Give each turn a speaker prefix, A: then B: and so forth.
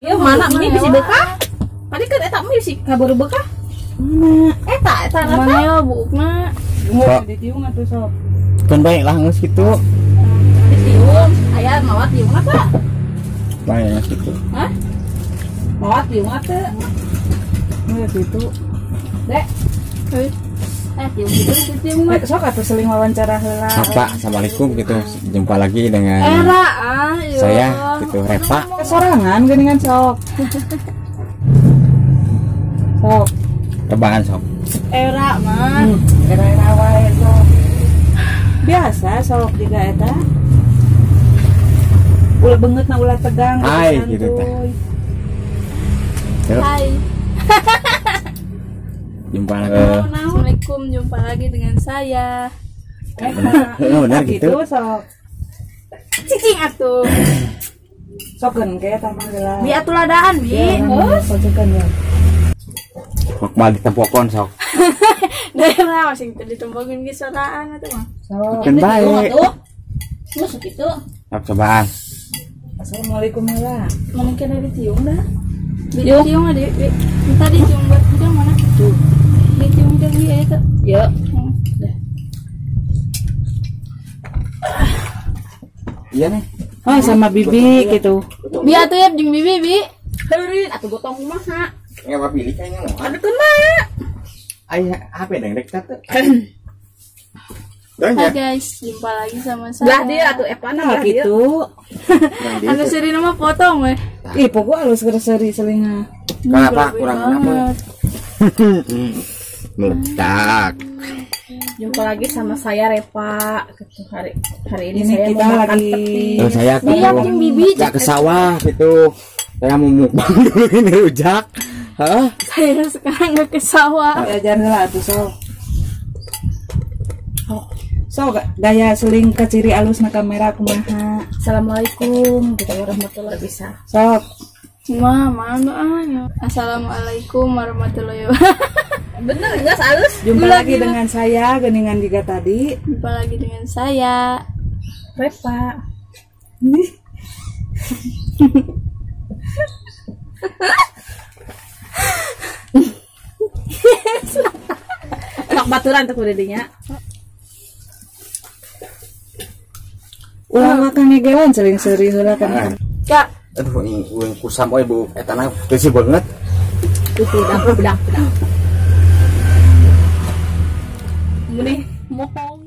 A: Ya mana iya, ini bisa iya. beka? Tadi kan eta mah sih beka. Mana? Eta eta rata. Mana ya bu Ukma? ada tiung atau sob. Kan baik lah ngus gitu. Tiung, aya mawat tiung apa? Baik gitu. Hah? Mawat tiung apa? Mana itu? Dek. Eh, tiung eh, itu tiung mah. Sok atuh seling wawancara heula. Assalamualaikum gitu. Jumpa lagi dengan Era. Ah gitu Reva eh, sorangan geningan sok sok Tebangan sok era mah hmm, era era wae sok biasa sok di eta ulah banget na ulah tegang gitu hai kan, gitu teh hai jumpa lagi assalamualaikum jumpa lagi dengan saya Eva eh, oh, benar, benar gitu, gitu sok cicing atuh soken kayak tampang gelas bi atuh ladaan bi ya, terus soken ya mak mal ditempokon sok daerah masing ditempokin ge soraan atuh mah soken bae Masuk itu. Sok cobaan. Assalamualaikum lah. Mungkin ada tiung dah.
B: Di tiung ada.
A: Kita di tiung buat kita mana? Tuh. Di tiung kita dia itu. Ya. Hmm, iya nih. Oh, sama bibi gitu. Bi atuh ya jeung bibi bi. Heureun atuh gotong kumaha? Ngewa pilih kayaknya mah. Aduh kumaha? Aya HP deng rek teh. Hai ya? guys, jumpa lagi sama saya. Lah dia atuh Evan eh, lah gitu. Anu seri nama potong eh Ih, pokok halus geus seri selinga. Kenapa kurang nama? Hmm, meledak jumpa lagi sama saya Repa gitu hari hari ini, ini saya kita lagi petis. saya ke bibi ke sawah gitu saya mau mukbang dulu ini rujak Hah? saya sekarang nggak ke sawah ajarin lah tuh so oh. so daya seling ke ciri alus na kamera kumaha assalamualaikum kita warahmatullahi bisa so Ma, mana Assalamualaikum warahmatullahi wabarakatuh. bener enggak halus jumpa Gula, lagi gila. dengan saya geningan juga tadi jumpa lagi dengan saya Reva Sok baturan tuh udah dinya. Ulah makan ya, gewan sering-sering ulah kan. Nah. Kak. Aduh ini gue kusam oi bu tanah, geusi banget. Udah, udah, udah. 你摸好。